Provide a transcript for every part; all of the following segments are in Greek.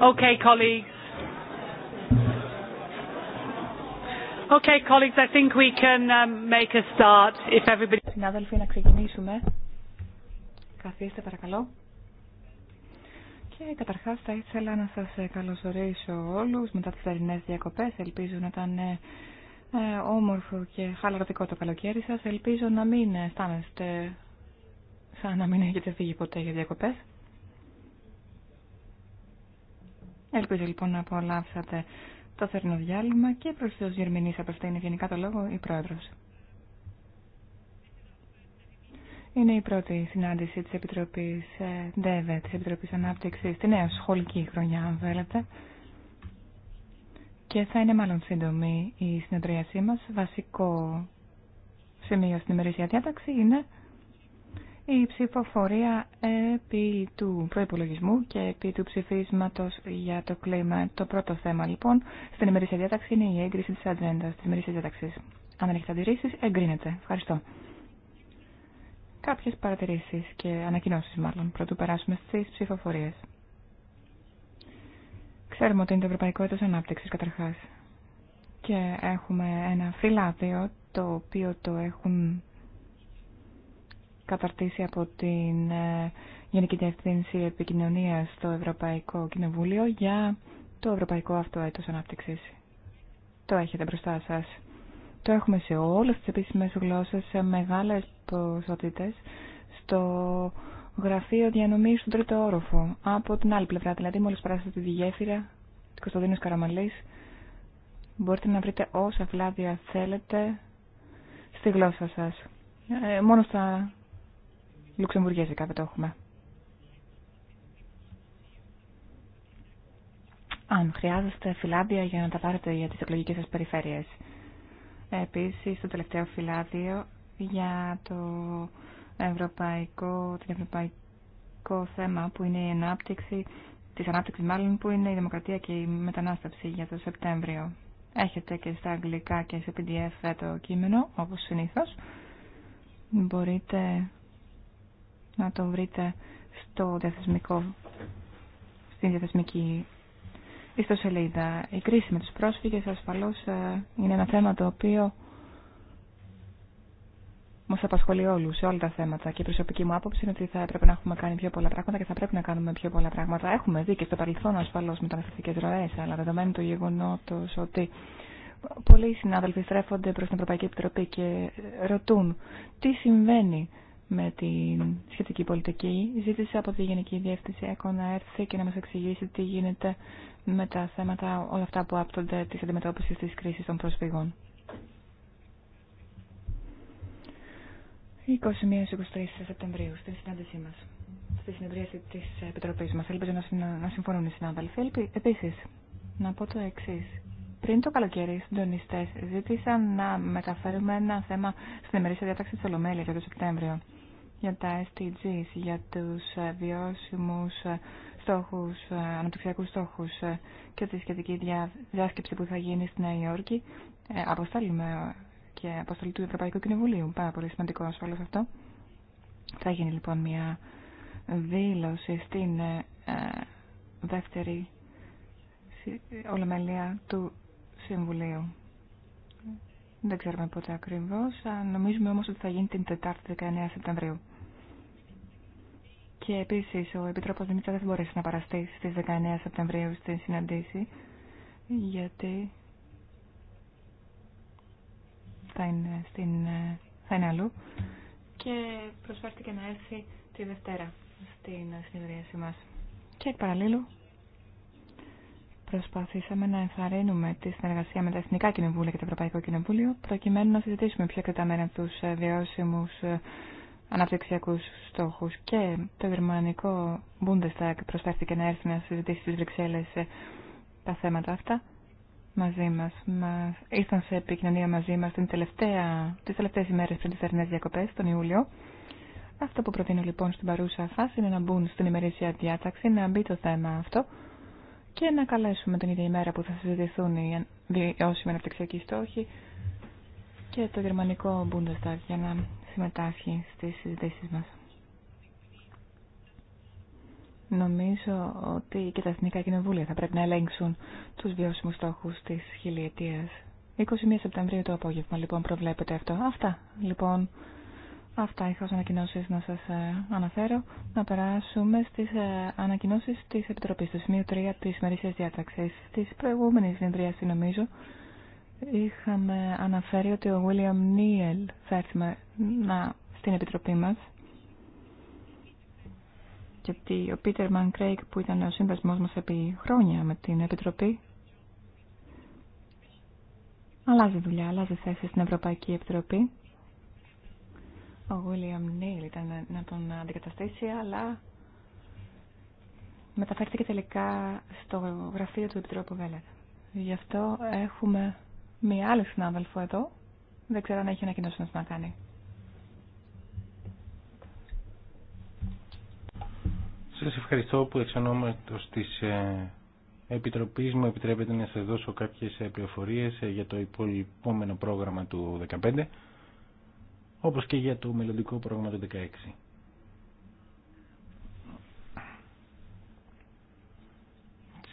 Okay, colleagues. Okay, colleagues, I think we can um, make a start if everybody... Συνάδελφοι, να ξεκινήσουμε. Καθίστε, παρακαλώ. Και καταρχά θα ήθελα να σας ε, καλωσορίσω όλους μετά τι θερινέ διακοπέ. Ελπίζω να ήταν ε, ε, όμορφο και χαλαρωτικό το καλοκαίρι σα. Ελπίζω να μην αισθάνεστε ε, σαν να μην έχετε φύγει ποτέ για διακοπές. Ελπίζω λοιπόν να απολαύσατε το θερινό διάλειμμα και προς τους Γερμηνείς είναι γενικά το λόγο η Πρόεδρος. Είναι η πρώτη συνάντηση της Επιτροπής ε, ΔΕΒΕ, της Επιτροπής Ανάπτυξης, τη νέα σχολική χρονιά αν θέλετε. Και θα είναι μάλλον σύντομη η συνεδρίασή μας. Βασικό σημείο στην ημερήσια διάταξη είναι η ψηφοφορία επί του προϋπολογισμού και επί του ψηφίσματος για το κλίμα. Το πρώτο θέμα λοιπόν στην ημερήσια διάταξη είναι η έγκριση της ατζέντα της ημερήσιας διάταξης. Αν δεν έχετε αντιρρήσεις, εγκρίνεται. Ευχαριστώ. Κάποιες παρατηρήσεις και ανακοινώσεις μάλλον, πρωτού περάσουμε στις ψηφοφορίες. Ξέρουμε ότι είναι το Ευρωπαϊκό Έτος Ανάπτυξης καταρχάς. Και έχουμε ένα φυλάδιο το οποίο το έχουν καταρτήσει από την ε, Γενική Διευθύνση Επικοινωνίας στο Ευρωπαϊκό Κοινοβούλιο για το Ευρωπαϊκό Αυτό Έτος Το έχετε μπροστά σας. Το έχουμε σε όλες τις επίσημες γλώσσες, σε μεγάλες ποσότητες, στο γραφείο διανομής στον τρίτο όροφο. Από την άλλη πλευρά, δηλαδή μόλις παράσετε τη γέφυρα, του Κωνσταντίνος Καραμαλής, μπορείτε να βρείτε όσα βλάδια θέλετε στη γλώσσα σας. Ε, μόνο στα Λουξεμβουργέζικα δεν το έχουμε. Αν χρειάζεστε φυλάδια για να τα πάρετε για τις εκλογικές σας περιφέρειες. Επίσης, το τελευταίο φυλάδιο για το ευρωπαϊκό, την ευρωπαϊκό θέμα που είναι η ανάπτυξη, της ανάπτυξης μάλλον που είναι η δημοκρατία και η μετανάστευση για το Σεπτέμβριο. Έχετε και στα αγγλικά και σε PDF το κείμενο, όπως συνήθως. Μπορείτε να το βρείτε στο διαθεσμικό, στην διαθεσμική ιστοσελίδα. Η κρίση με τους πρόσφυγες ασφαλώς ε, είναι ένα θέμα το οποίο μα απασχολεί όλου σε όλα τα θέματα. Και η προσωπική μου άποψη είναι ότι θα έπρεπε να έχουμε κάνει πιο πολλά πράγματα και θα πρέπει να κάνουμε πιο πολλά πράγματα. Έχουμε δει και στο παρελθόν ασφαλώ μεταναστευτικέ ροέ, αλλά δεδομένου του γεγονότο ότι πολλοί συνάδελφοι στρέφονται προ την Ευρωπαϊκή Επιτροπή και ρωτούν τι συμβαίνει με τη σχετική πολιτική. Ζήτησε από τη Γενική Διεύθυνση ΕΚΟ να έρθει και να μας εξηγήσει τι γίνεται με τα θέματα όλα αυτά που άπτονται της αντιμετώπισης της κρίσης των προσφύγων. 21-23 Σεπτεμβρίου στην συνάντησή μας, στη συνεδρίαση της Επιτροπής μας. Ελπίζω να συμφωνούν οι συνάδελφοι. Επίσης, να πω το εξή. πριν το καλοκαίρι, οι συντονιστέ ζήτησαν να μεταφέρουμε ένα θέμα στην ημερήσια διάταξη τη Ολομέλεια για το Σεπτέμβριο για τα SDGs, για τους ε, βιώσιμους ε, στόχους, ε, αναπτυξιακούς στόχους και τη σχετική διάσκεψη που θα γίνει στη Νέα Υόρκη, με και αποστολή του Ευρωπαϊκού Κοινοβουλίου. Πάρα πολύ σημαντικό ασφαλώς αυτό. Θα γίνει λοιπόν μια δήλωση στην δεύτερη ολομελία του Συμβουλίου. Δεν ξέρουμε πότε ακριβώς. Νομίζουμε όμως ότι θα γίνει την Τετάρτη 19 Σεπτεμβρίου. Και επίση ο Επιτρόπο Δημήτρη δεν θα μπορέσει να παραστεί στι 19 Σεπτεμβρίου στην συναντήση, γιατί θα είναι, στην, θα αλλού. Και προσφέρθηκε να έρθει τη Δευτέρα στην συνεδρίαση μα. Και εκ παραλίλου, προσπαθήσαμε να ενθαρρύνουμε τη συνεργασία με τα Εθνικά Κοινοβούλια και το Ευρωπαϊκό Κοινοβούλιο, προκειμένου να συζητήσουμε πιο εκτεταμένα του ε, βιώσιμου ε, αναπτυξιακούς στόχους και το γερμανικό Bundestag προσφέρθηκε να έρθει να συζητήσει στις Βρυξέλλες ε, τα θέματα αυτά μαζί μας. μας ήρθαν σε επικοινωνία μαζί μας την τελευταία, τις τελευταίες ημέρες πριν τις διακοπές, τον Ιούλιο. Αυτό που προτείνω λοιπόν στην παρούσα φάση είναι να μπουν στην ημερήσια διάταξη, να μπει το θέμα αυτό και να καλέσουμε την ίδια ημέρα που θα συζητηθούν οι βιώσιμοι αναπτυξιακοί στόχοι και το γερμανικό Bundestag για να συμμετάσχει στις συζητήσεις μας. Νομίζω ότι και τα εθνικά κοινοβούλια θα πρέπει να ελέγξουν τους βιώσιμους στόχους της χιλιετίας. 21 Σεπτεμβρίου το απόγευμα λοιπόν προβλέπετε αυτό. Αυτά λοιπόν, αυτά είχα ως ανακοινώσεις να σας ε, αναφέρω. Να περάσουμε στις ε, ανακοινώσεις της Επιτροπής, σημείο 3 της Μερίσιας Διάταξης. Της προηγούμενης συνεδρίασης νομίζω είχαμε αναφέρει ότι ο Βίλιαμ Νίελ θα έρθει να, στην Επιτροπή μας και ότι ο Πίτερ Μανκρέικ που ήταν ο σύνδεσμός μας επί χρόνια με την Επιτροπή αλλάζει δουλειά, αλλάζει θέση στην Ευρωπαϊκή Επιτροπή. Ο Βίλιαμ Νίελ ήταν να τον αντικαταστήσει, αλλά μεταφέρθηκε τελικά στο γραφείο του Επιτρόπου Βέλετ. Γι' αυτό έχουμε μία άλλη συνάδελφο εδώ. Δεν ξέρω αν έχει ανακοινώσει να κάνει. Σας ευχαριστώ που εξ ονόματος της ε, Επιτροπής μου επιτρέπετε να σας δώσω κάποιες ε, πληροφορίες ε, για το υπόλοιπόμενο πρόγραμμα του 2015 όπως και για το μελλοντικό πρόγραμμα του 2016.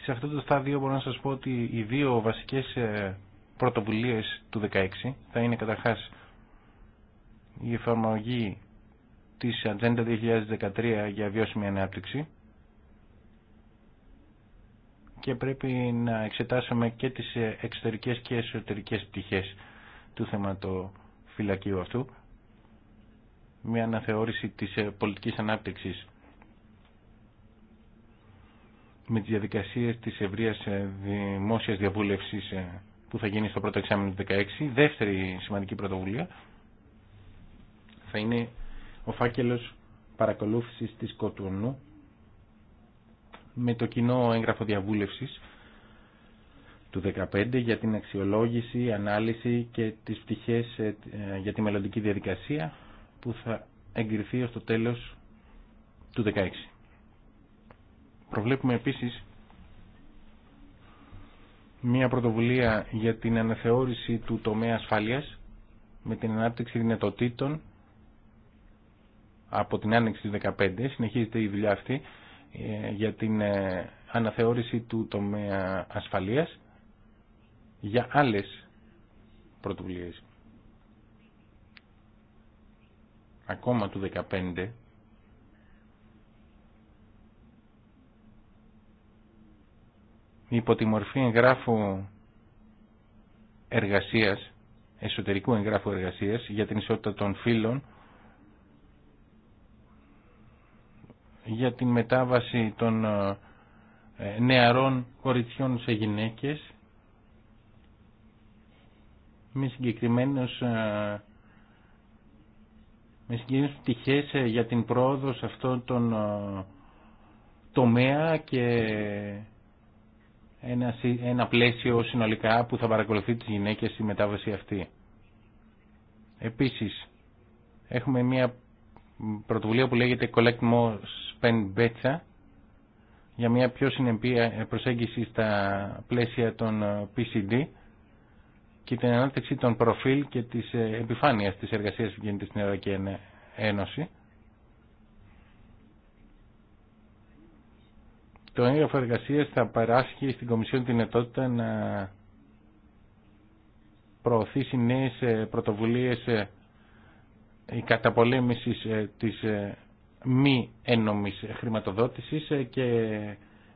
Σε αυτό το στάδιο μπορώ να σας πω ότι οι δύο βασικές πρωτοβουλίες του 2016 θα είναι καταρχάς η εφαρμογή της Ατζέντα 2013 για βιώσιμη ανάπτυξη και πρέπει να εξετάσουμε και τις εξωτερικές και εσωτερικές πτυχές του θεματοφυλακίου αυτού μια αναθεώρηση της πολιτικής ανάπτυξης με τις διαδικασίες της ευρείας δημόσιας διαβούλευσης ε, που θα γίνει στο πρώτο εξάμεινο του 2016. Δεύτερη σημαντική πρωτοβουλία θα είναι ο φάκελος παρακολούθησης της Κοτουνού με το κοινό έγγραφο διαβούλευσης του 2015 για την αξιολόγηση, ανάλυση και τις πτυχές ε, για τη μελλοντική διαδικασία που θα εγκριθεί ως το τέλος του 2016. Προβλέπουμε επίσης μια πρωτοβουλία για την αναθεώρηση του τομέα ασφάλειας με την ανάπτυξη δυνατοτήτων από την άνοιξη του 2015. Συνεχίζεται η δουλειά αυτή ε, για την ε, αναθεώρηση του τομέα ασφαλείας για άλλες πρωτοβουλίες. Ακόμα του 2015 υπό τη μορφή εγγράφου εργασίας, εσωτερικού εγγράφου εργασίας για την ισότητα των φύλων, για την μετάβαση των ε, ε, νεαρών κοριτσιών σε γυναίκες με συγκεκριμένους ε, με πτυχές για την πρόοδο σε αυτόν τον τομέα και ένα, ένα πλαίσιο συνολικά που θα παρακολουθεί τις γυναίκες στη μετάβαση αυτή. Επίσης, έχουμε μια πρωτοβουλία που λέγεται Collect More Spend Better για μια πιο συνεπή ε, προσέγγιση στα πλαίσια των ε, PCD και την ανάπτυξη των προφίλ και της ε, επιφάνειας της εργασίας που γίνεται στην Ευρωπαϊκή Ένωση. Το έγγραφο εργασία θα παράσχει στην Κομισιόν τη δυνατότητα να προωθήσει νέε πρωτοβουλίε ε, η καταπολέμηση ε, τη ε, μη ένομη χρηματοδότηση και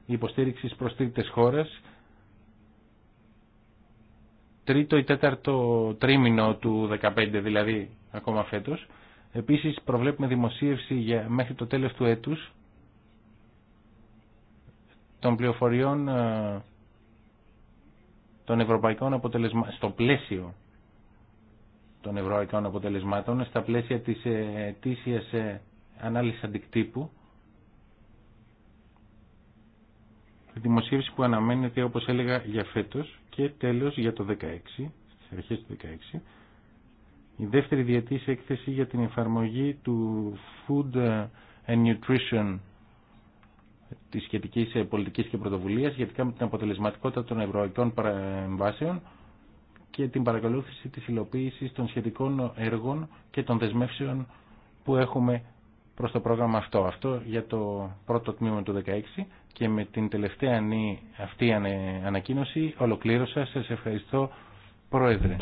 υποστήριξης προ τρίτε χώρες. Τρίτο ή τέταρτο τρίμηνο του 2015 δηλαδή ακόμα φέτο. Επίση προβλέπουμε δημοσίευση για, μέχρι το τέλο του έτου των πληροφοριών ε, των ευρωπαϊκών αποτελεσμάτων, στο πλαίσιο των ευρωπαϊκών αποτελεσμάτων, στα πλαίσια της ετήσιας ε, ανάλυσης αντικτύπου, η δημοσίευση που αναμένεται, όπως έλεγα, για φέτος και τέλος για το 2016, στις αρχές του 2016, η δεύτερη διετής έκθεση για την εφαρμογή του Food and Nutrition τη σχετική ε, πολιτική και πρωτοβουλία, σχετικά με την αποτελεσματικότητα των ευρωπαϊκών παρεμβάσεων και την παρακολούθηση της υλοποίησης των σχετικών έργων και των δεσμεύσεων που έχουμε προς το πρόγραμμα αυτό. Αυτό για το πρώτο τμήμα του 2016 και με την τελευταία αυτή ανακοίνωση ολοκλήρωσα. Σα ευχαριστώ Πρόεδρε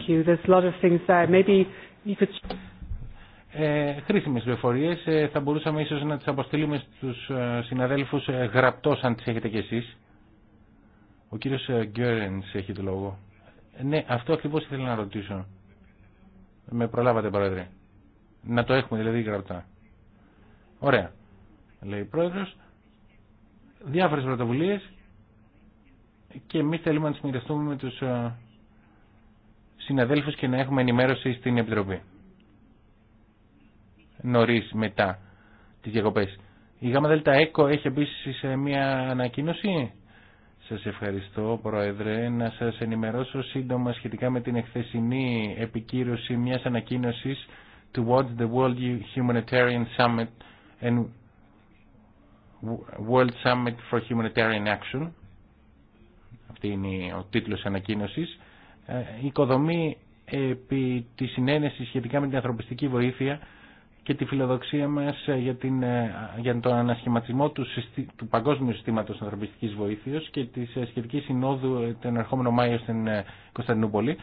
ε, χρήσιμες πληροφορίες. Ε, θα μπορούσαμε ίσως να τις αποστείλουμε στους ε, συναδέλφους ε, γραπτός αν τις έχετε κι εσείς. Ο κύριος Γκέρενς έχει το λόγο. Ναι, αυτό ακριβώς ήθελα να ρωτήσω. Με προλάβατε, Πρόεδρε. Να το έχουμε δηλαδή γραπτά. Ωραία. Λέει ο Πρόεδρος. Διάφορες πρωτοβουλίες και εμείς θέλουμε να τις μοιραστούμε με τους συναδέλφους και να έχουμε ενημέρωση στην Επιτροπή νωρί μετά τι διακοπέ. Η ΓΔΕΚΟ έχει επίσης ε, μια ανακοίνωση. Σα ευχαριστώ Πρόεδρε να σα ενημερώσω σύντομα σχετικά με την εχθεσινή επικύρωση μιας ανακοίνωση Towards the World Humanitarian Summit and World Summit for Humanitarian Action. Αυτή είναι ο τίτλος ανακοίνωσης. Η ε, οικοδομή επί τη συνένεση σχετικά με την ανθρωπιστική βοήθεια και τη φιλοδοξία μας ε, για, την, ε, για τον ανασχηματισμό του, του Παγκόσμιου Συστήματος Ανθρωπιστικής Βοήθειας και της ε, σχετικής συνόδου τον ερχόμενο Μάιο στην Κωνσταντινούπολη,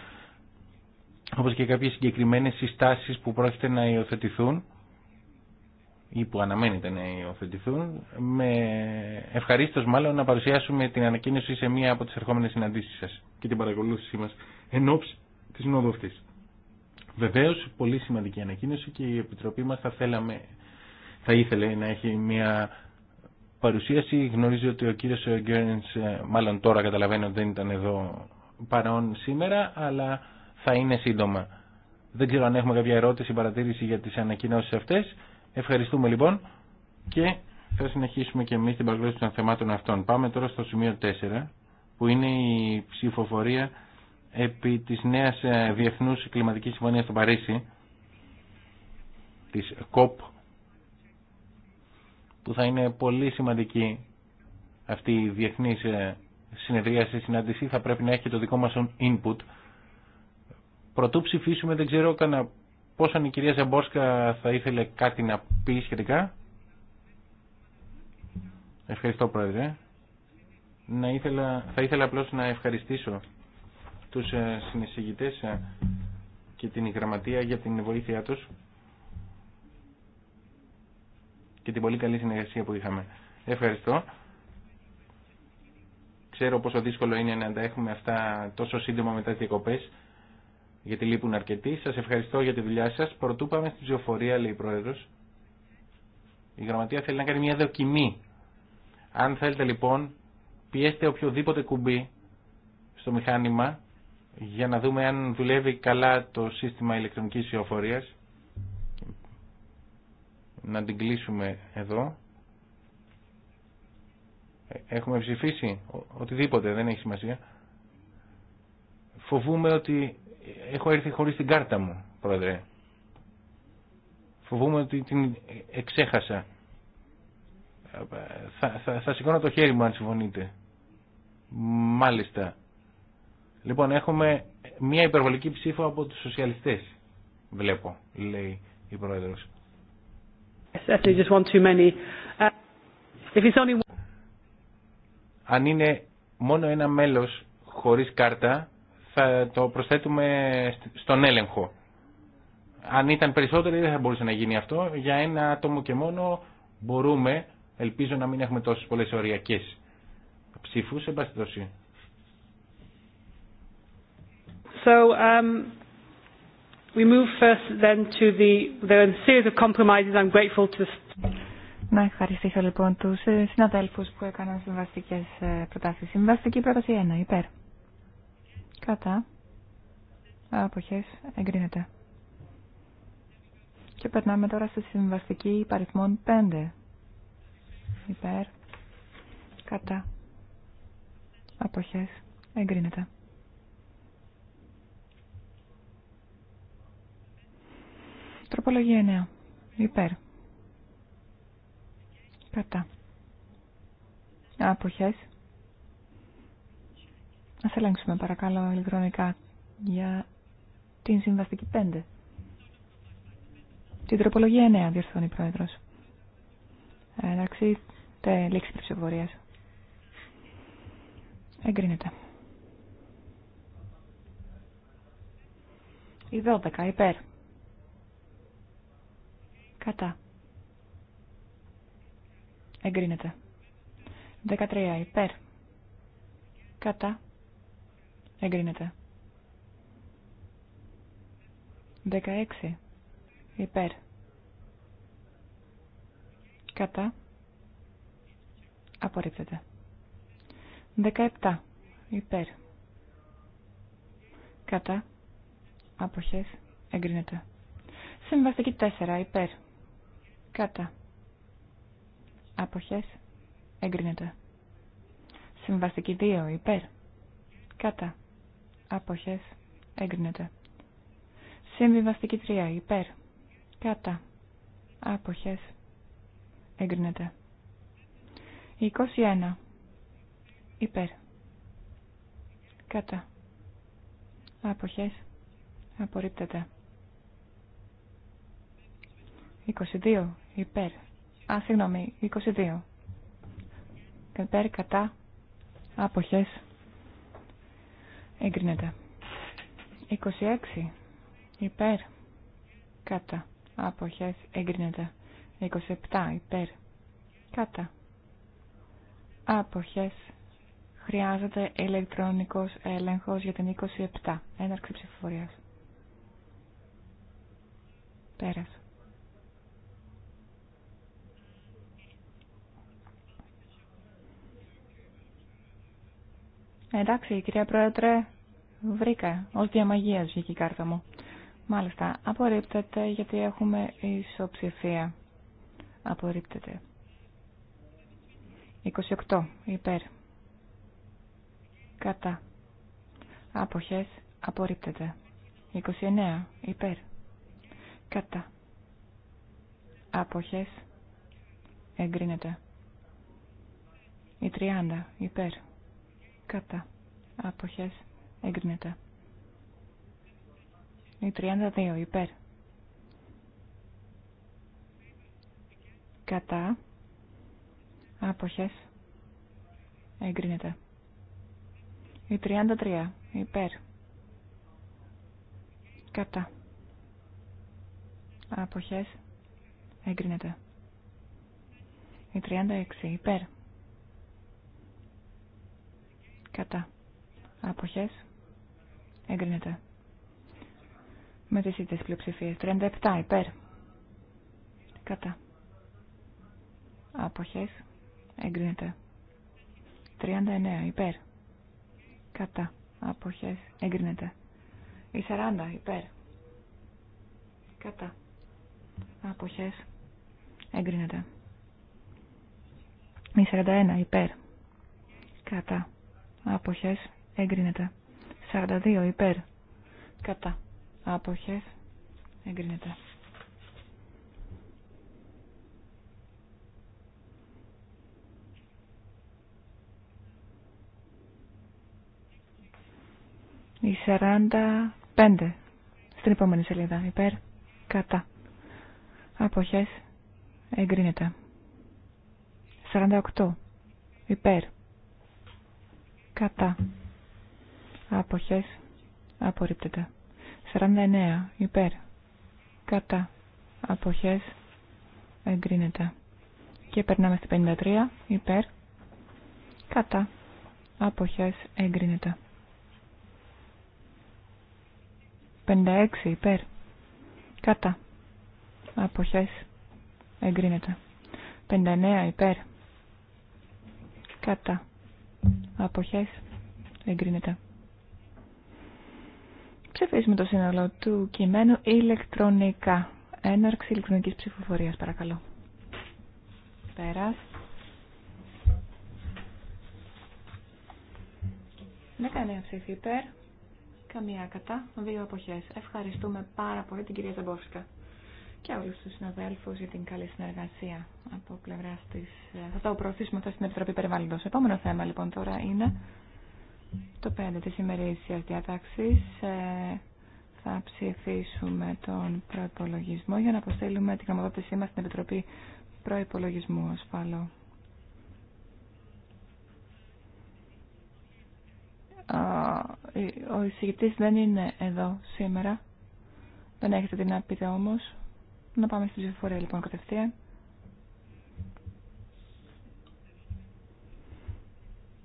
όπως και κάποιες συγκεκριμένες συστάσεις που πρόκειται να υιοθετηθούν ή που αναμένεται να υιοθετηθούν, με ευχαρίστως μάλλον να παρουσιάσουμε την ανακοίνωση σε μία από τις ερχόμενες συναντήσεις σας και την παρακολούθησή μας εν ώψη της συνόδου αυτής. Βεβαίω, πολύ σημαντική ανακοίνωση και η Επιτροπή μα θα, θέλαμε, θα ήθελε να έχει μια παρουσίαση. Γνωρίζει ότι ο κύριο Γκέρνιν, ε, μάλλον τώρα καταλαβαίνω δεν ήταν εδώ παρόν σήμερα, αλλά θα είναι σύντομα. Δεν ξέρω αν έχουμε κάποια ερώτηση ή παρατήρηση για τι ανακοινώσει αυτέ. Ευχαριστούμε λοιπόν και θα συνεχίσουμε και εμεί την παρουσίαση των θεμάτων αυτών. Πάμε τώρα στο σημείο 4 που είναι η ψηφοφορία επί της νέας ε, Διεθνούς Κλιματικής Συμφωνίας στο Παρίσι, της ΚΟΠ, που θα είναι πολύ σημαντική αυτή η διεθνής ε, συνεδρίαση, συνάντηση, θα πρέπει να έχει το δικό μας input. Πρωτού ψηφίσουμε, δεν ξέρω κανένα πώς αν η κυρία Ζαμπόσκα θα ήθελε κάτι να πει σχετικά. Ευχαριστώ Πρόεδρε. Να ήθελα, θα ήθελα απλώς να ευχαριστήσω τους ε, συνεισηγητές ε, και την γραμματεία για την βοήθειά τους και την πολύ καλή συνεργασία που είχαμε. Ευχαριστώ. Ξέρω πόσο δύσκολο είναι να τα έχουμε αυτά τόσο σύντομα μετά τις διακοπές, γιατί λείπουν αρκετοί. Σας ευχαριστώ για τη δουλειά σας. Πρωτού πάμε στην ψηφοφορία, λέει η Πρόεδρος. Η Γραμματεία θέλει να κάνει μια δοκιμή. Αν θέλετε λοιπόν, πιέστε οποιοδήποτε κουμπί στο μηχάνημα για να δούμε αν δουλεύει καλά το σύστημα ηλεκτρονικής ιοφορίας. Να την κλείσουμε εδώ. Ε, έχουμε ψηφίσει οτιδήποτε, δεν έχει σημασία. Φοβούμαι ότι έχω έρθει χωρίς την κάρτα μου, πρόεδρε. Φοβούμαι ότι την εξέχασα. Θα, θα, θα σηκώνω το χέρι μου αν συμφωνείτε. Μάλιστα. Λοιπόν, έχουμε μια υπερβολική ψήφο από τους σοσιαλιστές, βλέπω, λέει η Πρόεδρος. Uh, Αν είναι μόνο ένα μέλος χωρίς κάρτα, θα το προσθέτουμε στον έλεγχο. Αν ήταν περισσότεροι δεν θα μπορούσε να γίνει αυτό. Για ένα άτομο και μόνο μπορούμε, ελπίζω να μην έχουμε τόσες πολλές οριακές ψήφους, εν So um, we move first then to the, the series of compromises. I'm grateful to να ευχαριστήσω λοιπόν τους ε, συναδέλφους που έκαναν συμβαστικές ε, προτάσεις. Συμβαστική πρόταση 1, υπέρ. Κατά. Αποχές, εγκρίνεται. Και περνάμε τώρα στη συμβαστική παριθμών 5. Υπέρ. Κατά. Αποχές, εγκρίνεται. Τροπολογία 9. Υπέρ. Κατά. Αποχές. Ας ελέγξουμε παρακαλώ ηλεκτρονικά για την συμβαστική 5. Την τροπολογία 9 διορθώνει η Πρόεδρος. Εντάξει, τε λήξη της Εγκρίνεται. Η 12 υπέρ. Κατά. Εγκρίνεται. 13. Υπέρ. Κατά. Εγκρίνεται. 16. Υπέρ. Κατά. Απορρίπτεται. 17. Υπέρ. Κατά. Αποχές. Εγκρίνεται. Συμβαστική 4. Υπέρ. Κατά. Αποχές. Εγκρίνεται. Συμβαστική 2. Υπέρ. Κατά. Αποχές. Εγκρίνεται. Συμβιβαστική 3. Υπέρ. Κατά. Άποχες. Εγκρίνεται. 21. Υπέρ. Κατά. Άποχες. Απορρίπτεται. 22 υπέρ. Α, συγγνώμη, 22. Υπέρ, κατά, άποχες, εγκρίνεται. 26 υπέρ, κατά, άποχες, εγκρίνεται. 27 υπέρ, κατά, άποχες, χρειάζεται ηλεκτρονικός έλεγχος για την 27, έναρξη ψηφοφορίας. Πέρασε. Εντάξει, κυρία Πρόεδρε, βρήκα. Ω διαμαγεία βγήκε η κάρτα μου. Μάλιστα, απορρίπτεται γιατί έχουμε ισοψηφία. Απορρίπτεται. 28. Υπέρ. Κατά. Άποχες. Απορρίπτεται. 29. Υπέρ. Κατά. Άποχες. Εγκρίνεται. Η 30. Υπέρ. Κατά. Αποχές. Εγκρίνεται. Η 32. Υπέρ. Κατά. Αποχές. Εγκρίνεται. Η 33. Υπέρ. Κατά. Αποχές. Εγκρίνεται. Η 36. Υπέρ. Κατά. Αποχές. Εγκρίνεται. Με τις ίδιες πλειοψηφίες. 37 υπέρ. Κατά. Αποχές. Εγκρίνεται. 39 υπέρ. Κατά. Αποχές. Εγκρίνεται. Η 40 υπέρ. Κατά. Αποχές. Εγκρίνεται. Η 41 υπέρ. Κατά. Αποχές. Εγκρίνεται. 42 υπέρ. Κατά. Αποχές. Εγκρίνεται. Η 45 στην επόμενη σελίδα. Υπέρ, κατά. Αποχές, εγκρίνεται. 48. Υπέρ, Κατά. Αποχές. Απορρίπτεται. 49. Υπέρ. Κατά. Αποχές. Εγκρίνεται. Και περνάμε στη 53. Υπέρ. Κατά. Αποχές. Εγκρίνεται. 56. Υπέρ. Κατά. Αποχές. Εγκρίνεται. 59. Υπέρ. Κατά. Αποχές. Εγκρίνεται. Ψηφίσουμε το σύνολο του κειμένου ηλεκτρονικά. Έναρξη ηλεκτρονικής ψηφοφορίας, παρακαλώ. Πέρας. Δεν ψήφοι υπέρ, καμία κατά, δύο αποχές. Ευχαριστούμε πάρα πολύ την κυρία Ζαμπόφσκα και όλους τους συναδέλφους για την καλή συνεργασία από πλευρά της... Ε, θα το προωθήσουμε αυτό στην Επιτροπή Περιβάλλοντος. Επόμενο θέμα λοιπόν τώρα είναι το 5 της ημερήσιας διατάξης. Ε, θα ψηφίσουμε τον προϋπολογισμό για να αποστείλουμε την γραμματότησή μας στην Επιτροπή Προϋπολογισμού ασφαλώ. Ο εισηγητής δεν είναι εδώ σήμερα. Δεν έχετε την να πείτε όμως. Να πάμε στη ψηφοφορία λοιπόν κατευθείαν.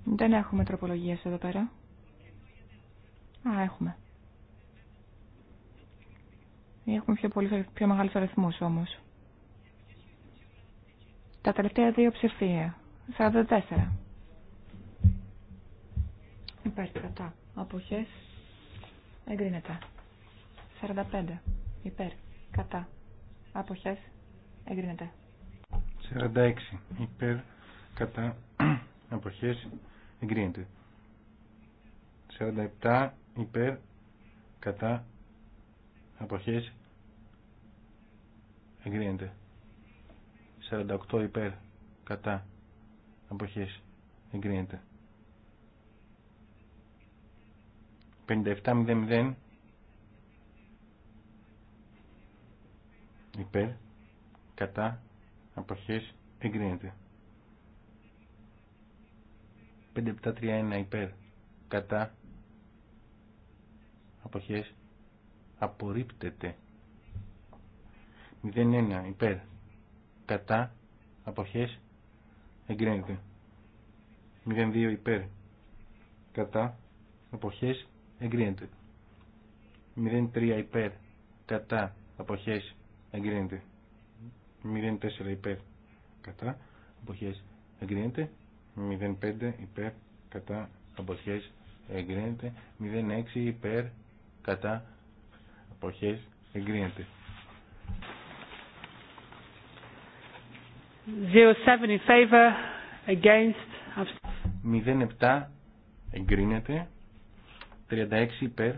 Δεν έχουμε τροπολογίες εδώ πέρα. Α, έχουμε. Έχουμε πιο, πολύ, πιο μεγάλους αριθμούς όμως. Τα τελευταία δύο ψηφία. 44. Υπέρ κατά. Αποχές. Εγκρίνεται. 45. Υπέρ. Κατά αποχές εγκρίνεται. 46 υπέρ κατά αποχές εγκρίνεται. 47 υπέρ κατά αποχές εγκρίνεται. 48 υπέρ κατά αποχές εγκρίνεται. 57.00 υπέρ, κατά, αποχές, εγκρίνεται. 5731 υπέρ, κατά, αποχές, απορρίπτεται. 01 υπέρ, κατά, αποχές, εγκρίνεται. 02 υπέρ, κατά, αποχές, εγκρίνεται. 03 υπέρ, κατά, αποχές, εγκρίνεται 04 υπέρ κατά αποχές εγκρίνεται 05 υπέρ κατά αποχές εγκρίνεται 06 υπέρ κατά αποχές εγκρίνεται 07 in favor against 07 εγκρίνεται 36 υπέρ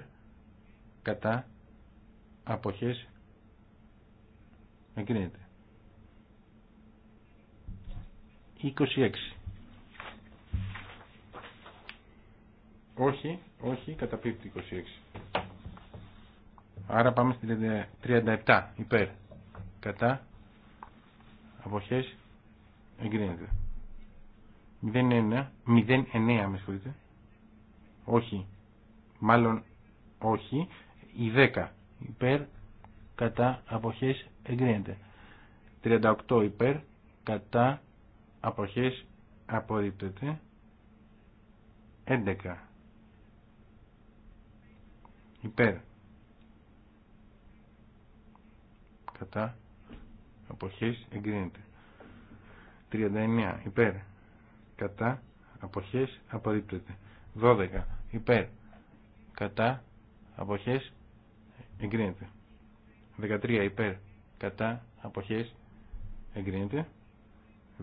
κατά αποχές Εγκρίνεται. 26. Όχι, όχι, καταπίπτει 26. Άρα πάμε στην 37, υπέρ. Κατά. Αποχές. Εγκρίνεται. 09, 09 με συγχωρείτε. Όχι. Μάλλον όχι. Η 10, υπέρ κατά αποχές εγκρίνεται. 38 υπέρ κατά αποχές απορρίπτεται. 11 υπέρ κατά αποχές εγκρίνεται. 39 υπέρ κατά αποχές απορρίπτεται. 12 υπέρ κατά αποχές εγκρίνεται. 13 υπέρ κατά αποχές εγκρίνεται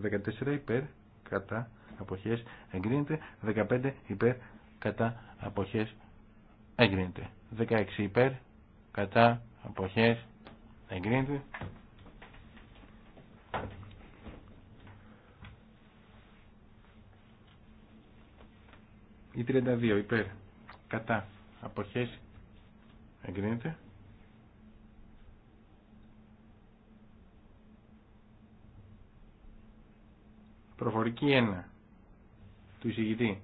14 υπέρ κατά αποχές εγκρίνεται 15 υπέρ κατά αποχές εγκρίνεται 16 υπέρ κατά αποχές εγκρίνεται ή 32 υπέρ κατά αποχές εγκρίνεται Προφορική 1 του εισηγητή.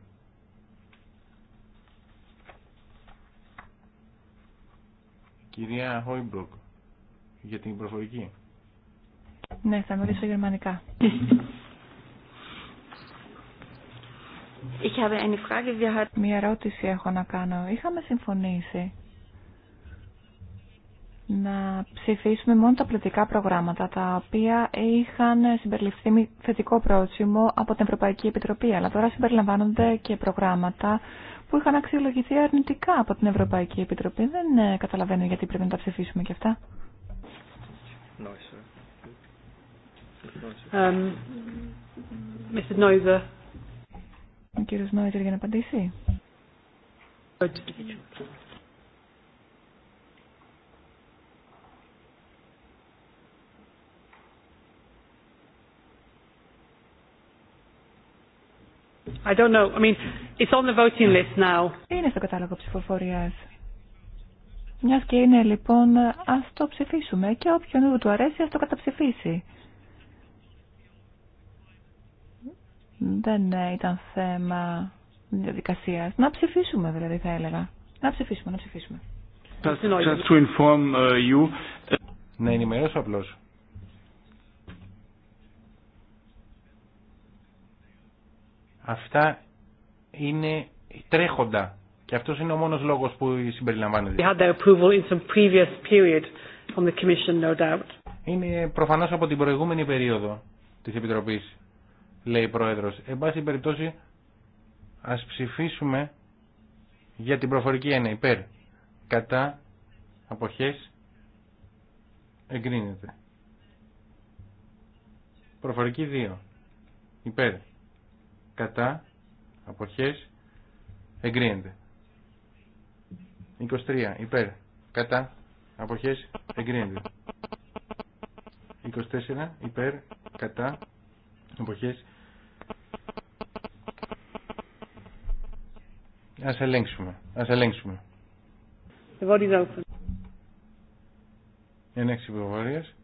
Κυρία Χόιμπρουκ, για την προφορική. Ναι, θα μιλήσω γερμανικά. Μια ερώτηση έχω να κάνω. Είχαμε συμφωνήσει να ψηφίσουμε μόνο τα πληθυκά προγράμματα, τα οποία είχαν συμπεριληφθεί με θετικό πρόσημο από την Ευρωπαϊκή Επιτροπή, αλλά τώρα συμπεριλαμβάνονται και προγράμματα που είχαν αξιολογηθεί αρνητικά από την Ευρωπαϊκή Επιτροπή. Δεν ε, καταλαβαίνω γιατί πρέπει να τα ψηφίσουμε και αυτά. Ο κύριος Νόιζερ για να απαντήσει. I don't know. I mean, it's on the voting list now. Είναι στο κατάλογο ψηφοφορίας. Μιας και είναι λοιπόν, ας το ψηφίσουμε και όποιον του αρέσει ας το καταψηφίσει. Δεν ε, ήταν θέμα διαδικασίας. Να ψηφίσουμε δηλαδή θα έλεγα. Να ψηφίσουμε, να ψηφίσουμε. Uh, να ενημερώσω απλώς Αυτά είναι τρέχοντα και αυτός είναι ο μόνος λόγος που συμπεριλαμβάνεται. Είναι προφανώς από την προηγούμενη περίοδο της Επιτροπής, λέει η Πρόεδρος. Εν πάση περιπτώσει, ας ψηφίσουμε για την προφορική ένα υπέρ. Κατά αποχές εγκρίνεται. Προφορική 2. Υπέρ κατά αποχές εγκρίνεται 23 υπέρ κατά αποχές εγκρίνεται 24 υπέρ κατά αποχές Ας ελέγξουμε. Ας ελέγξουμε. Ενέξη προφορίας.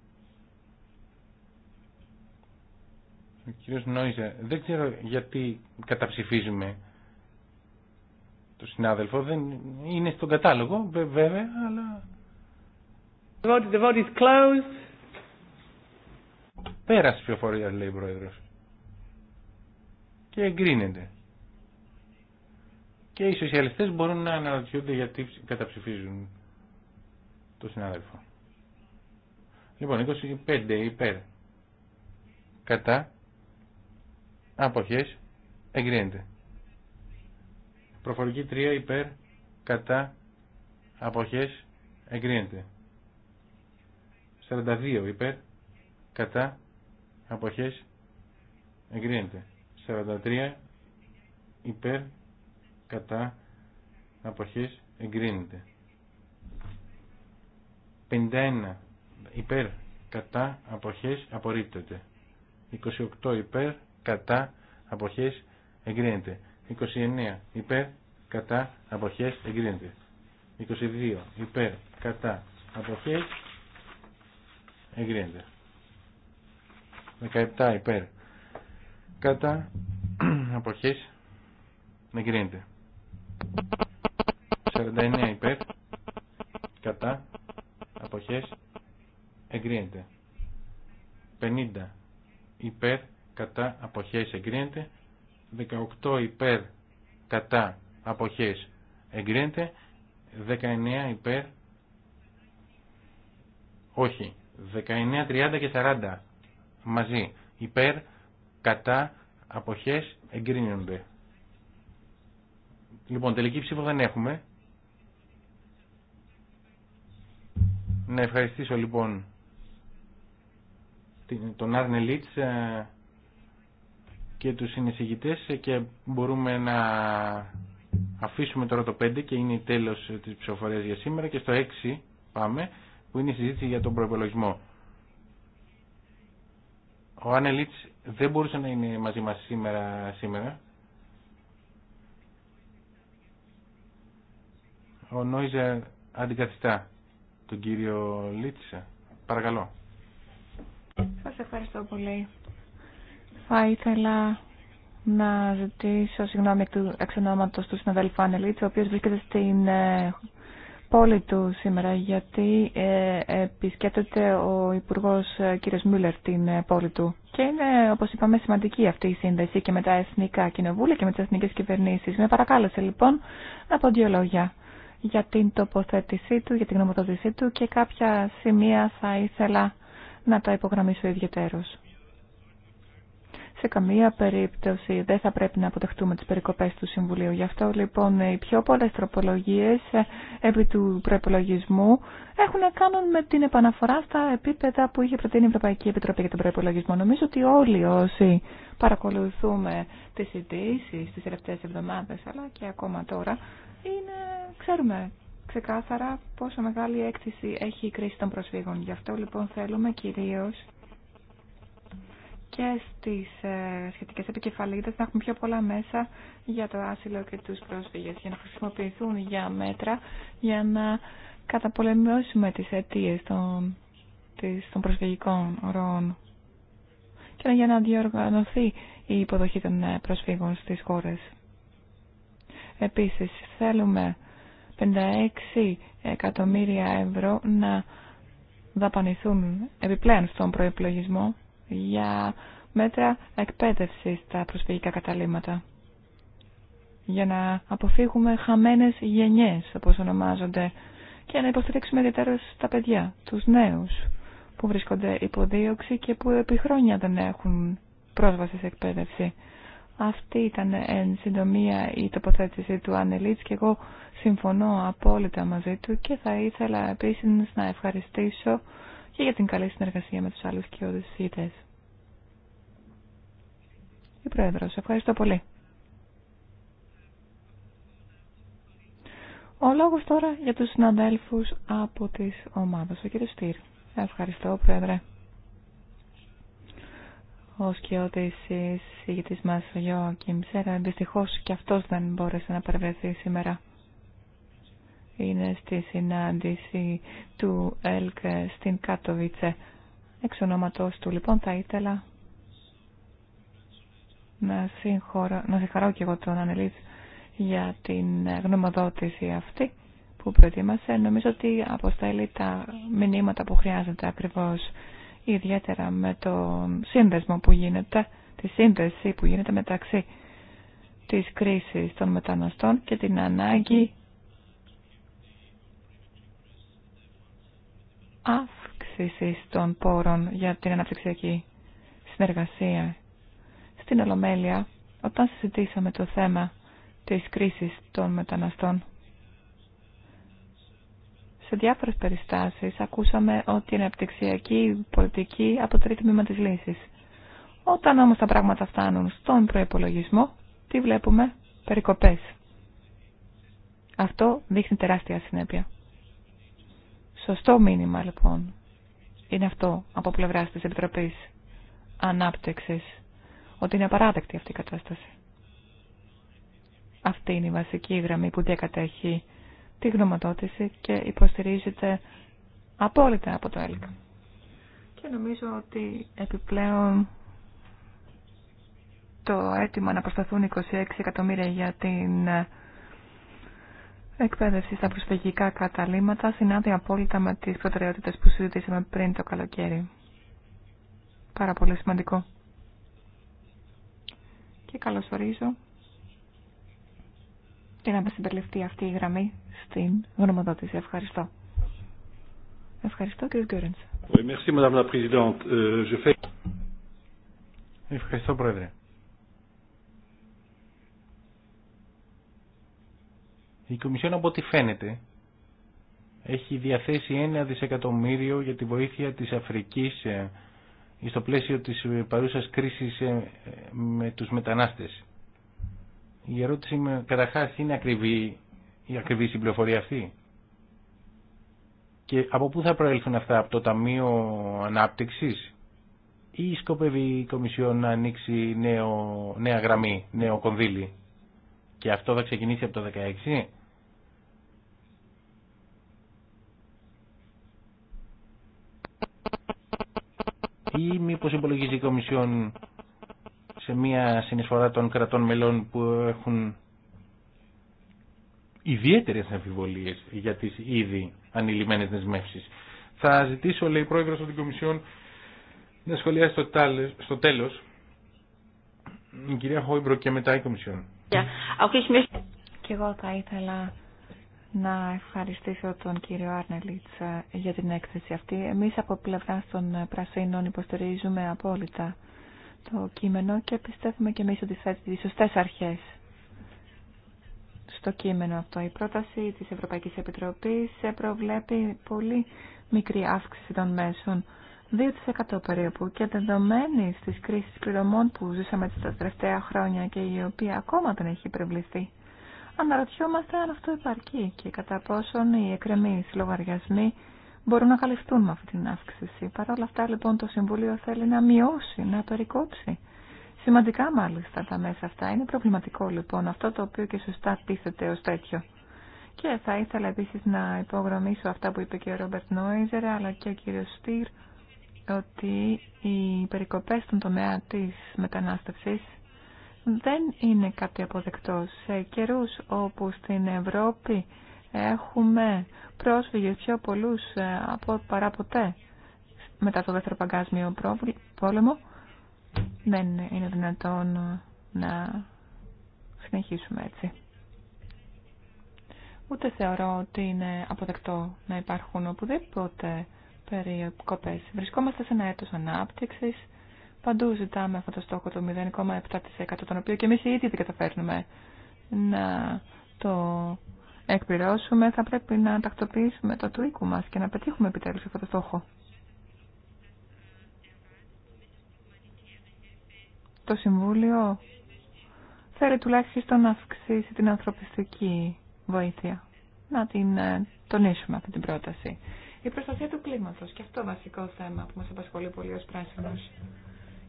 Κύριος Νόιζερ, δεν ξέρω γιατί καταψηφίζουμε το συνάδελφο. Δεν είναι στον κατάλογο, βέβαια, αλλά... The vote, is closed. Πέρασε πληροφορία, λέει ο Πρόεδρος. Και εγκρίνεται. Και οι σοσιαλιστές μπορούν να αναρωτιούνται γιατί καταψηφίζουν το συνάδελφο. Λοιπόν, 25 υπέρ. Κατά αποχές εγκρίνεται. Προφορική 3 υπέρ κατά αποχές εγκρίνεται. 42 υπέρ κατά αποχές εγκρίνεται. 43 υπέρ κατά αποχές εγκρίνεται. 51 υπέρ κατά αποχές απορρίπτεται. 28 υπέρ κατά αποχές εγκρίνεται. 29 υπέρ κατά αποχές εγκρίνεται. 22 υπέρ κατά αποχές εγκρίνεται. 17 υπέρ κατά αποχές εγκρίνεται. 49 υπέρ κατά αποχές εγκρίνεται. 50 υπέρ κατά αποχές εγκρίνεται 18 υπέρ κατά αποχές εγκρίνεται 19 υπέρ όχι 19, 30 και 40 μαζί υπέρ κατά αποχές εγκρίνονται λοιπόν τελική ψήφο δεν έχουμε να ευχαριστήσω λοιπόν τον Άρνε Λίτς ε, και τους συνεισηγητές και μπορούμε να αφήσουμε τώρα το 5 και είναι τέλος της ψηφοφορίας για σήμερα και στο 6 πάμε που είναι η συζήτηση για τον προπολογισμό. Ο Ανελίτς δεν μπορούσε να είναι μαζί μας σήμερα, σήμερα. Ο Νόιζερ αντικαθιστά τον κύριο Λίτσα. Παρακαλώ. Σας ευχαριστώ πολύ. Θα ήθελα να ζητήσω συγγνώμη εξ ονόματος του συναδέλφου Ανελίτς, ο οποίος βρίσκεται στην ε, πόλη του σήμερα, γιατί ε, επισκέπτεται ο Υπουργός ε, κ. Μούλερ την πόλη του. Και είναι, όπως είπαμε, σημαντική αυτή η σύνδεση και με τα εθνικά κοινοβούλια και με τις εθνικές κυβερνήσεις. Με παρακάλεσε λοιπόν να πω δύο λόγια για την τοποθέτησή του, για την γνωμοδότησή του και κάποια σημεία θα ήθελα να τα υπογραμμίσω ιδιαίτερως. Σε καμία περίπτωση δεν θα πρέπει να αποτεχτούμε τις περικοπές του Συμβουλίου. Γι' αυτό λοιπόν οι πιο πολλές τροπολογίες ε, επί του προπολογισμού έχουν να κάνουν με την επαναφορά στα επίπεδα που είχε προτείνει η Ευρωπαϊκή Επιτροπή για τον προπολογισμό. Νομίζω ότι όλοι όσοι παρακολουθούμε τις ειδήσει τις τελευταίες εβδομάδες αλλά και ακόμα τώρα είναι, ξέρουμε ξεκάθαρα πόσο μεγάλη έκτηση έχει η κρίση των προσφύγων. Γι' αυτό λοιπόν θέλουμε κυρίως και στις ε, σχετικές επικεφαλίδες να έχουμε πιο πολλά μέσα για το άσυλο και τους πρόσφυγες για να χρησιμοποιηθούν για μέτρα για να καταπολεμήσουμε τις αιτίε των, των προσφυγικών ροών και για να διοργανωθεί η υποδοχή των ε, προσφύγων στις χώρες. Επίσης, θέλουμε 56 εκατομμύρια ευρώ να δαπανηθούν επιπλέον στον προεπλογισμό για μέτρα εκπαίδευση στα προσφυγικά καταλήματα, για να αποφύγουμε χαμένες γενιές, όπως ονομάζονται, και να υποστηρίξουμε ιδιαίτερα τα παιδιά, τους νέους, που βρίσκονται υποδίωξη και που επί χρόνια δεν έχουν πρόσβαση σε εκπαίδευση. Αυτή ήταν εν συντομία η τοποθέτηση του Ανελίτς και εγώ συμφωνώ απόλυτα μαζί του και θα ήθελα επίσης να ευχαριστήσω και για την καλή συνεργασία με τους άλλους κοιόδησίτες. Η Πρόεδρος, ευχαριστώ πολύ. Ο λόγο τώρα για τους συναδέλφους από τις ομάδες. Ο κύριος Στήρ. Ευχαριστώ, Πρόεδρε. Ο σκιώτης ηγητής μας, ο Γιώργο Κιμψέρα, δυστυχώς και αυτός δεν μπόρεσε να παρευρεθεί σήμερα. Είναι στη συνάντηση του ΕΛΚ στην Κάτοβιτσε. Εξ του, λοιπόν, θα ήθελα να, συγχωρώ, να συγχαρώ και εγώ τον Ανελής για την γνωμοδότηση αυτή που προετοίμασε. Νομίζω ότι αποστέλει τα μηνύματα που χρειάζεται ακριβώς ιδιαίτερα με το σύνδεσμο που γίνεται, τη σύνδεση που γίνεται μεταξύ της κρίσης των μεταναστών και την ανάγκη αύξησης των πόρων για την αναπτυξιακή συνεργασία στην Ολομέλεια όταν συζητήσαμε το θέμα της κρίσης των μεταναστών. Σε διάφορες περιστάσεις ακούσαμε ότι η αναπτυξιακή πολιτική αποτελεί τμήμα της λύσης. Όταν όμως τα πράγματα φτάνουν στον προϋπολογισμό, τι βλέπουμε, περικοπές. Αυτό δείχνει τεράστια συνέπεια. Σωστό μήνυμα λοιπόν είναι αυτό από πλευράς της Επιτροπής Ανάπτυξης ότι είναι απαράδεκτη αυτή η κατάσταση. Αυτή είναι η βασική γραμμή που διακατέχει τη γνωματότηση και υποστηρίζεται απόλυτα από το ΕΛΚΑ. Και νομίζω ότι επιπλέον το αίτημα να προσταθούν 26 εκατομμύρια για την εκπαίδευση στα προσφυγικά καταλήμματα συνάδει απόλυτα με τις προτεραιότητες που συζητήσαμε πριν το καλοκαίρι. Πάρα πολύ σημαντικό και καλωσορίζω για να μας συμπεριληφθεί αυτή η γραμμή στην γνωμοδότηση. Ευχαριστώ. Ευχαριστώ κύριε Γκέρεντς. Euh, Ευχαριστώ πρόεδρε. Η Κομισιόν από ό,τι φαίνεται έχει διαθέσει ένα δισεκατομμύριο για τη βοήθεια της Αφρικής ε, στο πλαίσιο της ε, παρούσας κρίσης ε, ε, με τους μετανάστες. Η ερώτηση με καταρχάς είναι ακριβή, η ακριβή συμπληροφορία αυτή. Και από πού θα προέλθουν αυτά, από το Ταμείο Ανάπτυξης ή σκοπεύει η σκοπευει η κομισιο να ανοίξει νέο, νέα γραμμή, νέο κονδύλι. Και αυτό θα ξεκινήσει από το 2016 ή μήπως υπολογίζει η μήπω υπολογιζει η κομισιον σε μια συνεισφορά των κρατών μελών που έχουν ιδιαίτερες αμφιβολίες για τις ήδη ανηλυμένες δεσμεύσεις. Θα ζητήσω, λέει η Πρόεδρος από την Κομισιόν, να σχολιάσει στο, τέλος, η κυρία Χόιμπρο και μετά η Κομισιόν. Και εγώ θα ήθελα να ευχαριστήσω τον κύριο Άρνελιτς ε, για την έκθεση αυτή. Εμείς από πλευρά των Πρασίνων υποστηρίζουμε απόλυτα το κείμενο και πιστεύουμε και εμείς ότι θέτει τις σωστές αρχές στο κείμενο αυτό. Η πρόταση της Ευρωπαϊκής Επιτροπής ε, προβλέπει πολύ μικρή αύξηση των μέσων, 2% περίπου και δεδομένη της κρίσης πληρωμών που ζήσαμε τα τελευταία χρόνια και η οποία ακόμα δεν έχει προβληθεί αναρωτιόμαστε αν αυτό υπαρκεί και κατά πόσον οι εκκρεμείς λογαριασμοί μπορούν να καλυφθούν με αυτή την αύξηση. Παρ' όλα αυτά λοιπόν το Συμβουλίο θέλει να μειώσει, να περικόψει. Σημαντικά μάλιστα τα μέσα αυτά. Είναι προβληματικό λοιπόν αυτό το οποίο και σωστά πείθεται ως τέτοιο. Και θα ήθελα επίση να υπογραμμίσω αυτά που είπε και ο Ρόμπερτ Νόιζερ αλλά και ο κύριος Στυρ ότι οι περικοπές στον τομέα της μετανάστευσης δεν είναι κάτι αποδεκτό. Σε καιρούς όπου στην Ευρώπη έχουμε πρόσφυγες πιο πολλούς ε, από παρά ποτέ μετά το δεύτερο παγκάσμιο πόλεμο, δεν είναι δυνατόν να συνεχίσουμε έτσι. Ούτε θεωρώ ότι είναι αποδεκτό να υπάρχουν οπουδήποτε κοπέ. Βρισκόμαστε σε ένα έτος ανάπτυξης, Παντού ζητάμε αυτό το στόχο το 0,7% τον οποίο και εμείς ήδη δεν καταφέρνουμε να το εκπληρώσουμε. Θα πρέπει να τακτοποιήσουμε το του οίκου μας και να πετύχουμε επιτέλους αυτό το στόχο. Το Συμβούλιο θέλει τουλάχιστον να αυξήσει την ανθρωπιστική βοήθεια. Να την ε, τονίσουμε αυτή την πρόταση. Η προστασία του κλίματος και αυτό βασικό θέμα που μας απασχολεί πολύ ως πράσινος.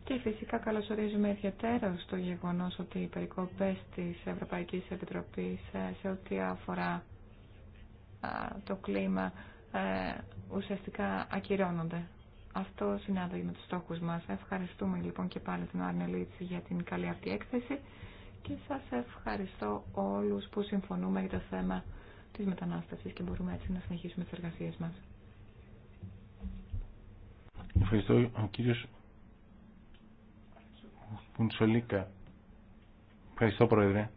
Και φυσικά καλωσορίζουμε ιδιαίτερα στο γεγονό ότι οι περικοπέ τη Ευρωπαϊκή Επιτροπή ε, σε ό,τι αφορά το κλίμα ε, ουσιαστικά ακυρώνονται. Αυτό συνάδει με του στόχου μα. Ευχαριστούμε λοιπόν και πάλι την Άρνε Λίτση για την καλή αυτή έκθεση και σα ευχαριστώ όλου που συμφωνούμε για το θέμα τη μετανάσταση και μπορούμε έτσι να συνεχίσουμε τι εργασίε μα. Πουντσολίκα. Ευχαριστώ Πρόεδρε.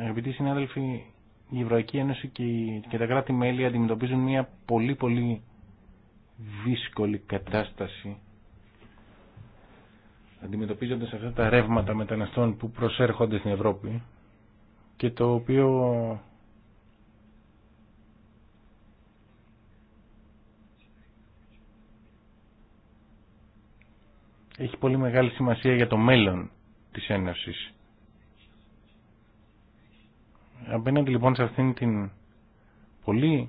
Αγαπητοί συνάδελφοι, η Ευρωπαϊκή Ένωση και τα κράτη-μέλη αντιμετωπίζουν μια πολύ πολύ δύσκολη κατάσταση αντιμετωπίζοντας αυτά τα ρεύματα μεταναστών που προσέρχονται στην Ευρώπη και το οποίο έχει πολύ μεγάλη σημασία για το μέλλον της Ένωσης. Απέναντι λοιπόν σε αυτήν την πολύ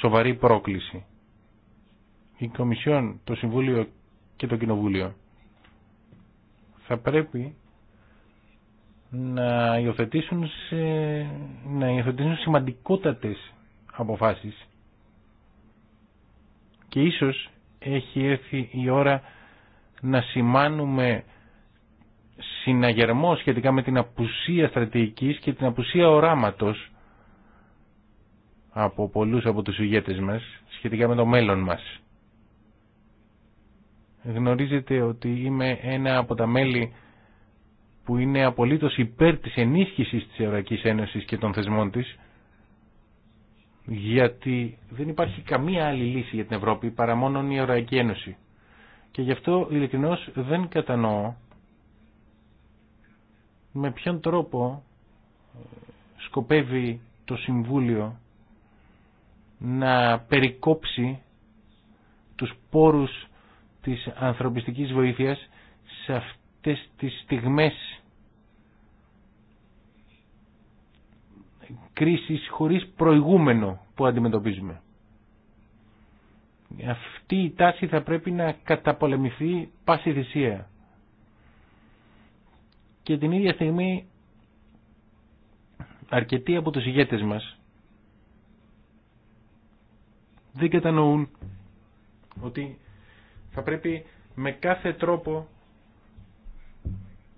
σοβαρή πρόκληση η Κομισιόν, το Συμβούλιο και το Κοινοβούλιο θα πρέπει να υιοθετήσουν, σε, να υιοθετήσουν σημαντικότατες αποφάσεις και ίσως έχει έρθει η ώρα να σημάνουμε συναγερμό σχετικά με την απουσία στρατηγικής και την απουσία οράματος από πολλούς από τους ηγέτες μας σχετικά με το μέλλον μας. Γνωρίζετε ότι είμαι ένα από τα μέλη που είναι απολύτως υπέρ της ενίσχυσης της Ευρωπαϊκής Ένωσης και των θεσμών της γιατί δεν υπάρχει καμία άλλη λύση για την Ευρώπη παρά η Ευρωπαϊκή Ένωση. Και γι' αυτό ειλικρινώς δεν κατανοώ με ποιον τρόπο ε, σκοπεύει το Συμβούλιο να περικόψει τους πόρους της ανθρωπιστικής βοήθειας σε αυτές τις στιγμές κρίσης χωρίς προηγούμενο που αντιμετωπίζουμε. Αυτή η τάση θα πρέπει να καταπολεμηθεί πάση θυσία. Και την ίδια στιγμή αρκετοί από τους ηγέτες μας δεν κατανοούν ότι θα πρέπει με κάθε τρόπο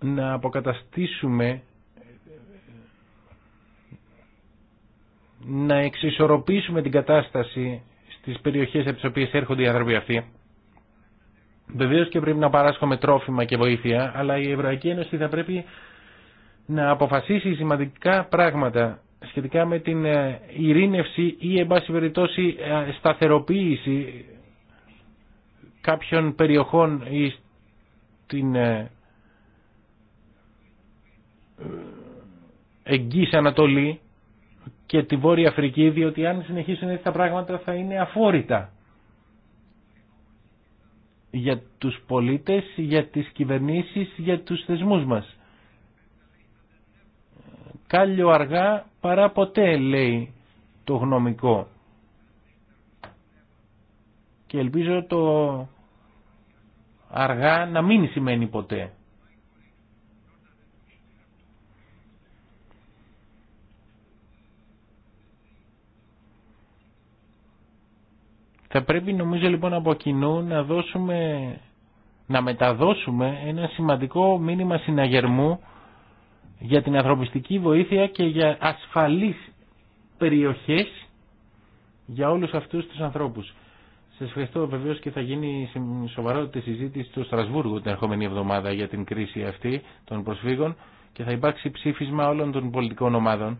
να αποκαταστήσουμε να εξισορροπήσουμε την κατάσταση τις περιοχές από τις οποίες έρχονται οι άνθρωποι αυτοί. Βεβαίω και πρέπει να παράσχουμε τρόφιμα και βοήθεια, αλλά η Ευρωπαϊκή Ένωση θα πρέπει να αποφασίσει σημαντικά πράγματα σχετικά με την ε, ειρήνευση ή εν πάση περιπτώσει ε, σταθεροποίηση κάποιων περιοχών ή στην ε, εγγύς Ανατολή και τη Βόρεια Αφρική διότι αν συνεχίσουν έτσι τα πράγματα θα είναι αφόρητα για τους πολίτες, για τις κυβερνήσεις, για τους θεσμούς μας. Κάλλιο αργά παρά ποτέ λέει το γνωμικό. Και ελπίζω το αργά να μην σημαίνει ποτέ. Θα πρέπει νομίζω λοιπόν από κοινού να δώσουμε, να μεταδώσουμε ένα σημαντικό μήνυμα συναγερμού για την ανθρωπιστική βοήθεια και για ασφαλείς περιοχές για όλους αυτούς τους ανθρώπους. Σας ευχαριστώ βεβαίως και θα γίνει σοβαρότητα συζήτηση στο Στρασβούργο την ερχόμενη εβδομάδα για την κρίση αυτή των προσφύγων και θα υπάρξει ψήφισμα όλων των πολιτικών ομάδων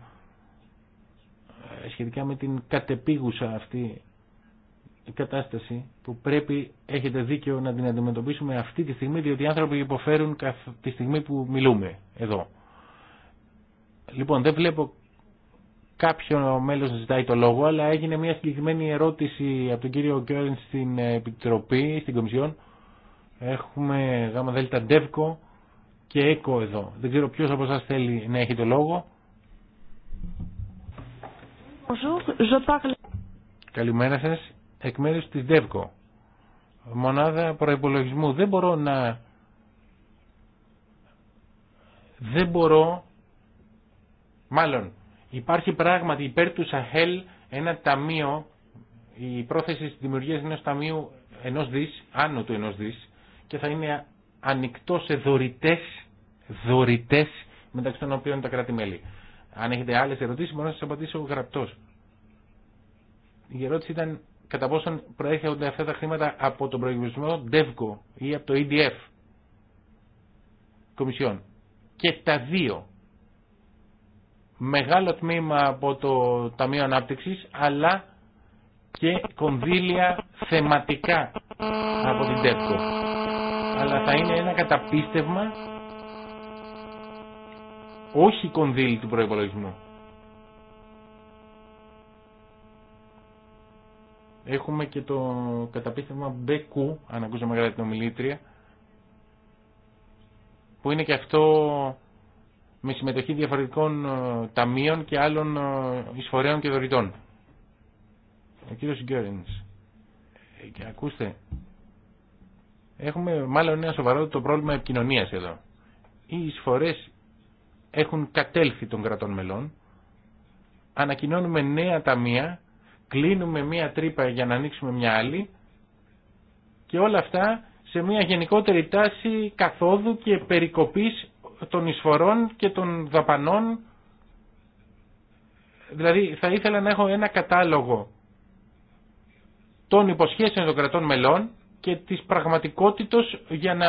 ε, σχετικά με την κατεπίγουσα αυτή κατάσταση που πρέπει, έχετε δίκιο να την αντιμετωπίσουμε αυτή τη στιγμή, διότι οι άνθρωποι υποφέρουν τη στιγμή που μιλούμε εδώ. Λοιπόν, δεν βλέπω κάποιο μέλος να ζητάει το λόγο, αλλά έγινε μια συγκεκριμένη ερώτηση από τον κύριο Κιόριν στην Επιτροπή, στην Κομισιόν. Έχουμε γάμα δέλτα ντεύκο και έκο εδώ. Δεν ξέρω ποιος από εσάς θέλει να έχει το λόγο. Καλημέρα σας εκ μέρους της ΔΕΒΚΟ, μονάδα προϋπολογισμού. Δεν μπορώ να... Δεν μπορώ... Μάλλον, υπάρχει πράγματι υπέρ του Σαχέλ ένα ταμείο, η πρόθεση της δημιουργίας ενός ταμείου ενός δις, άνω του ενός δις, και θα είναι ανοιχτό σε δωρητές, δωρητές μεταξύ των οποίων τα κράτη-μέλη. Αν έχετε άλλες ερωτήσεις, μπορώ να σας απαντήσω γραπτός. Η ερώτηση ήταν κατά πόσον προέρχονται αυτά τα χρήματα από τον προϋπολογισμό DEVCO ή από το EDF Κομισιόν. Και τα δύο. Μεγάλο τμήμα από το Ταμείο Ανάπτυξης, αλλά και κονδύλια θεματικά από την ΤΕΠΚΟ. Αλλά θα είναι ένα καταπίστευμα όχι κονδύλι του προϋπολογισμού. Έχουμε και το καταπίστευμα ΜΠΕΚΟΥ, αν ακούσαμε καλά την ομιλήτρια, που είναι και αυτό με συμμετοχή διαφορετικών ε, ταμείων και άλλων ε, εισφορέων και δωρητών. Ο ε, κύριος Γκέρινς. ακούστε, έχουμε μάλλον ένα σοβαρό πρόβλημα επικοινωνίας εδώ. Οι εισφορές έχουν κατέλθει των κρατών μελών, ανακοινώνουμε νέα ταμεία κλείνουμε μία τρύπα για να ανοίξουμε μία άλλη και όλα αυτά σε μία γενικότερη τάση καθόδου και περικοπής των εισφορών και των δαπανών. Δηλαδή θα ήθελα να έχω ένα κατάλογο των υποσχέσεων των κρατών μελών και της πραγματικότητος για να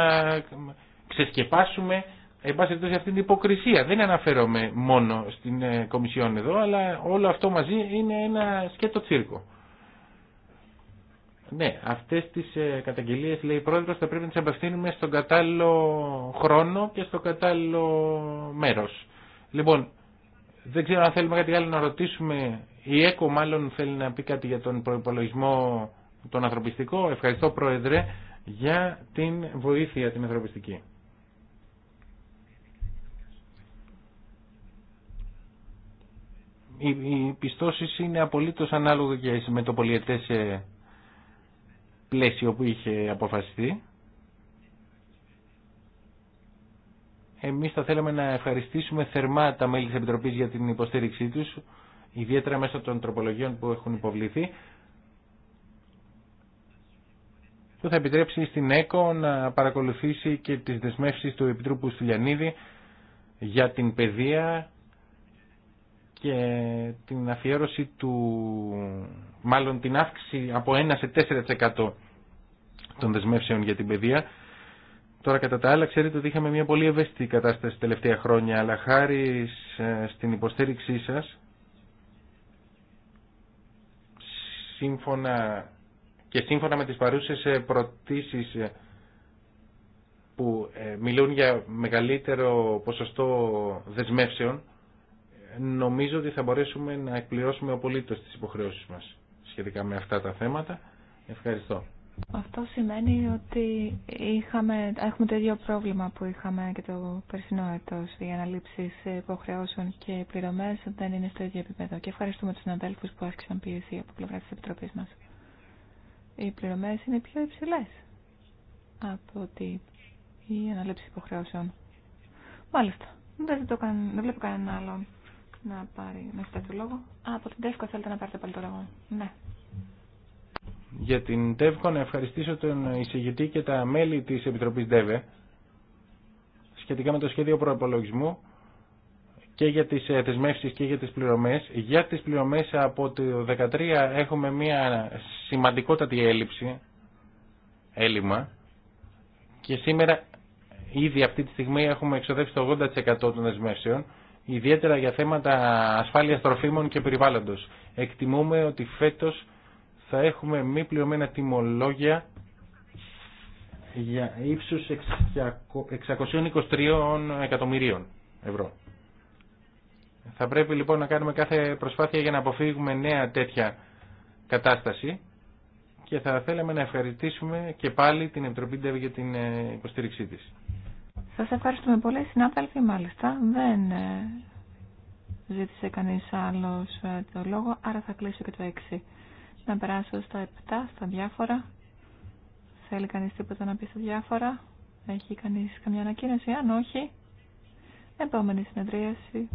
ξεσκεπάσουμε εν πάση αυτή την υποκρισία. Δεν αναφέρομαι μόνο στην ε, Κομισιόν εδώ, αλλά όλο αυτό μαζί είναι ένα σκέτο τσίρκο. Ναι, αυτές τις ε, καταγγελίε, λέει η πρόεδρο, θα πρέπει να τι απευθύνουμε στον κατάλληλο χρόνο και στο κατάλληλο μέρος. Λοιπόν, δεν ξέρω αν θέλουμε κάτι άλλο να ρωτήσουμε. Η ΕΚΟ μάλλον θέλει να πει κάτι για τον προπολογισμό τον ανθρωπιστικό. Ευχαριστώ Πρόεδρε για την βοήθεια την ανθρωπιστική. οι πιστώσεις είναι απολύτως και με το πολιετές ε, πλαίσιο που είχε αποφασιστεί. Εμείς θα θέλαμε να ευχαριστήσουμε θερμά τα μέλη της Επιτροπής για την υποστήριξή τους, ιδιαίτερα μέσα των τροπολογιών που έχουν υποβληθεί, που θα επιτρέψει στην ΕΚΟ να παρακολουθήσει και τις δεσμεύσεις του Επιτρόπου Στυλιανίδη για την παιδεία και την αφιέρωση του, μάλλον την αύξηση από 1 σε 4% των δεσμεύσεων για την παιδεία. Τώρα κατά τα άλλα ξέρετε ότι είχαμε μια πολύ ευαίσθητη κατάσταση τελευταία χρόνια, αλλά χάρη στην υποστήριξή σας, σύμφωνα και σύμφωνα με τις παρούσες ε, προτίσεις ε, που ε, μιλούν για μεγαλύτερο ποσοστό δεσμεύσεων, νομίζω ότι θα μπορέσουμε να εκπληρώσουμε απολύτως τις υποχρεώσεις μας σχετικά με αυτά τα θέματα. Ευχαριστώ. Αυτό σημαίνει ότι είχαμε, έχουμε το ίδιο πρόβλημα που είχαμε και το περσινό έτος. Οι αναλήψεις υποχρεώσεων και πληρωμές δεν είναι στο ίδιο επίπεδο. Και ευχαριστούμε τους συναδέλφους που άσκησαν πίεση από πλευρά της Επιτροπής μας. Οι πληρωμές είναι πιο υψηλές από ότι οι αναλήψεις υποχρεώσεων. Μάλιστα. Δεν, το, δεν βλέπω κανέναν άλλον να πάρει να το λόγο. Α, από την Τεύκο θέλετε να πάρετε πάλι το λόγο. Ναι. Για την Τεύκο να ευχαριστήσω τον εισηγητή και τα μέλη της Επιτροπής ΔΕΒΕ σχετικά με το σχέδιο προεπολογισμού και για τις δεσμεύσει ε, και για τις πληρωμές. Για τις πληρωμές από το 2013 έχουμε μια σημαντικότατη έλλειψη, έλλειμμα και σήμερα ήδη αυτή τη στιγμή έχουμε εξοδεύσει το 80% των δεσμεύσεων ιδιαίτερα για θέματα ασφάλειας τροφίμων και περιβάλλοντος. Εκτιμούμε ότι φέτος θα έχουμε μη πληρωμένα τιμολόγια για ύψους 623 εκατομμυρίων ευρώ. Θα πρέπει λοιπόν να κάνουμε κάθε προσπάθεια για να αποφύγουμε νέα τέτοια κατάσταση και θα θέλαμε να ευχαριστήσουμε και πάλι την Επιτροπή για την ε, υποστήριξή της. Σας ευχαριστούμε πολύ. Συνάδελφοι, μάλιστα, δεν ε, ζήτησε κανείς άλλος ε, το λόγο, άρα θα κλείσω και το 6. Να περάσω στα 7, στα διάφορα. Θέλει κανείς τίποτα να πει στα διάφορα. Έχει κανείς καμιά ανακοίνωση, αν όχι. Επόμενη συνεδρίαση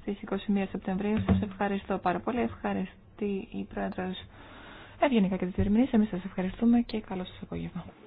στις 21 Σεπτεμβρίου. Σας ευχαριστώ πάρα πολύ. Ευχαριστή η πρόεδρο Ευγενικά και τη Εμείς σας ευχαριστούμε και καλό σας απόγευμα.